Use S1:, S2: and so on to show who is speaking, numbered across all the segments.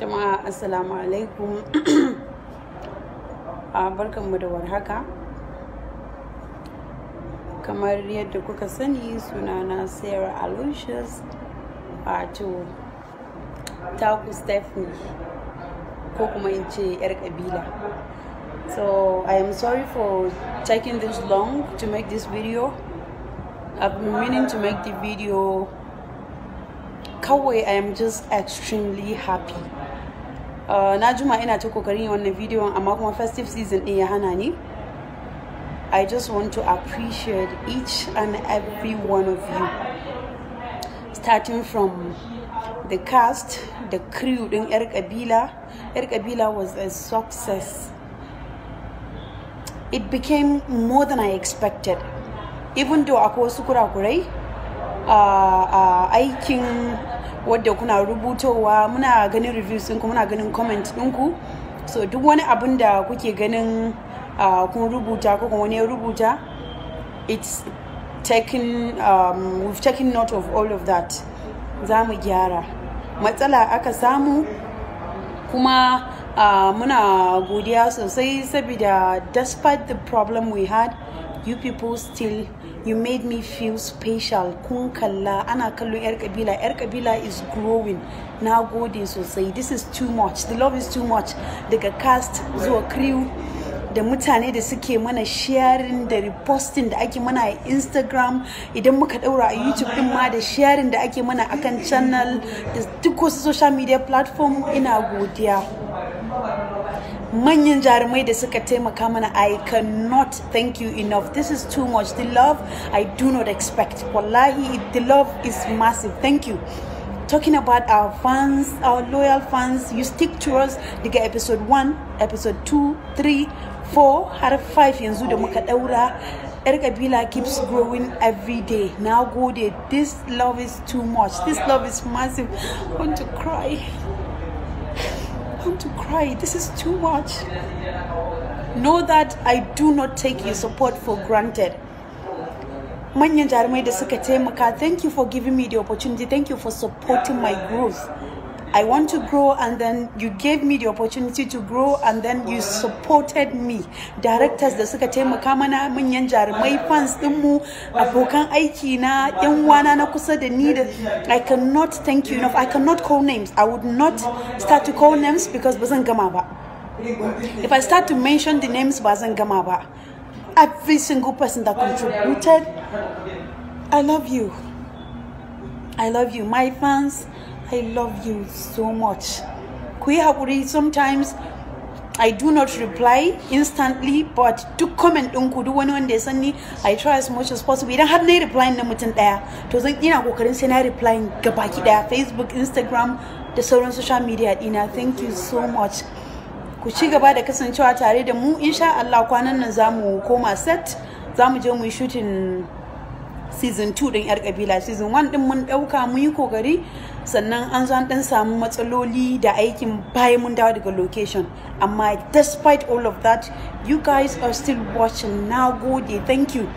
S1: jama'a assalamu alaikum a ah, barkanmu da warhaka kamar yadda kuka sani sunana sarah aloysius wato ah, taku stephanie ko kuma in ce yar kabila so i am sorry for taking this long to make this video i've been meaning to make the video kawai i am just extremely happy uh, na juma ina ta kokarin wannan video amma kuma festive season din ya hana ni I just want to appreciate each and every one of you starting from the cast the crew din yar kabila yar kabila was a success it became more than I expected even though akwosukura wasu kurakurai I uh, uh, aikin wadda kuna rubutowa muna ganin reviews ɗinku muna ganin comment ɗinku so duk wani abin da kuke ganin uh, kun rubuta ko wani ya rubuta it's taken um, we've taken note of all of that za mu gyara matsala aka samu kuma uh, muna godiya sosai saboda despite the problem we had you people still you made me feel special kun kalla ana kallon yar kabila yar kabila is growing na gode sosai this is too much the love is too much daga cast zuwa crew da mutane da suke mana sharing da reposting da ake mana a instagram idan muka daura a youtube din ma da sharing da ake mana akan channel da duk wasu social media platform ina godiya manyan jarumai da suka taimaka mana i cannot thank you enough this is too much the love i do not expect wallahi the love is massive thank you talking about our fans our loyal fans you stick to us get episode 1 episode two, three, four, 3 4 har 5 yanzu da muka daura yar keeps growing every day go there. this love is too much this love is massive i want to cry to cry. This is too much. Know that I do not take your support for granted. thank you for giving me the opportunity. Thank you for supporting my growth. I want to grow, and then you gave me the opportunity to grow, and then you supported me. Directors the secretary, taimaka mana manyan jarumai fans dinmu, abokan aiki na, yan wana na kusa da I cannot thank you enough. I cannot call names. I would not start to call names because bazan gama If I start to mention the names bazan gama Every single person that contributed, I love you. I love you, my fans. I love you so much. Kuyi hakuri sometimes I do not reply instantly but duk comment ɗinku duk wani wanda ya san I try as much as possible idan har na yi replying na mutum ɗaya to zan ina kokarin sai na replying gabaki ɗaya Facebook Instagram da sauran social media ɗina thank you so much ku ci gaba da kasancewa tare da mu insha Allah kwanan nan za mu koma set za mu je mu yi shooting season 2 din yar kabila season 1 din mun dauka mun yi kokari sannan an zo an dan samu matsaloli da aikin bayan mun dawo daga location amma despite all of that you guys are still watching na gode thank you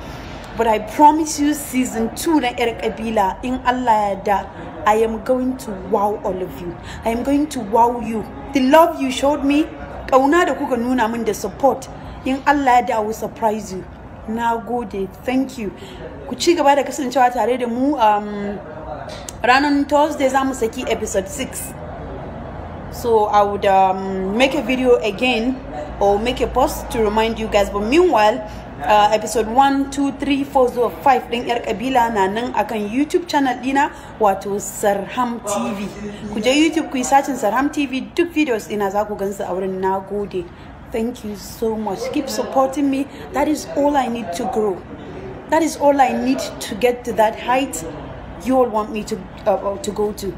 S1: but i promise you season 2 na yar kabila in Allah ya da i am going to wow all of you i am going to wow you the love you showed me kauna da kuka nuna min da support in Allah ya da i will surprise you na gode thank you ku ci gaba da kasancewa tare da mu um, ranar thursday za mu saki episode 6 so i would um, make a video again or make a post to remind you guys but meanwhile uh, episode 1 2 3 4 zuwa 5 din yar kabila na nan akan youtube channel dina wato sarham tv ku je youtube ku yi sacin sarham tv duk videos dina za ku gansu a wurin na gode Thank you so much. Keep supporting me. That is all I need to grow. That is all I need to get to that height you all want me to uh, uh to go to.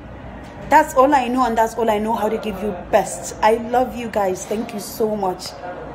S1: That's all I know, and that's all I know how to give you best. I love you guys. Thank you so much.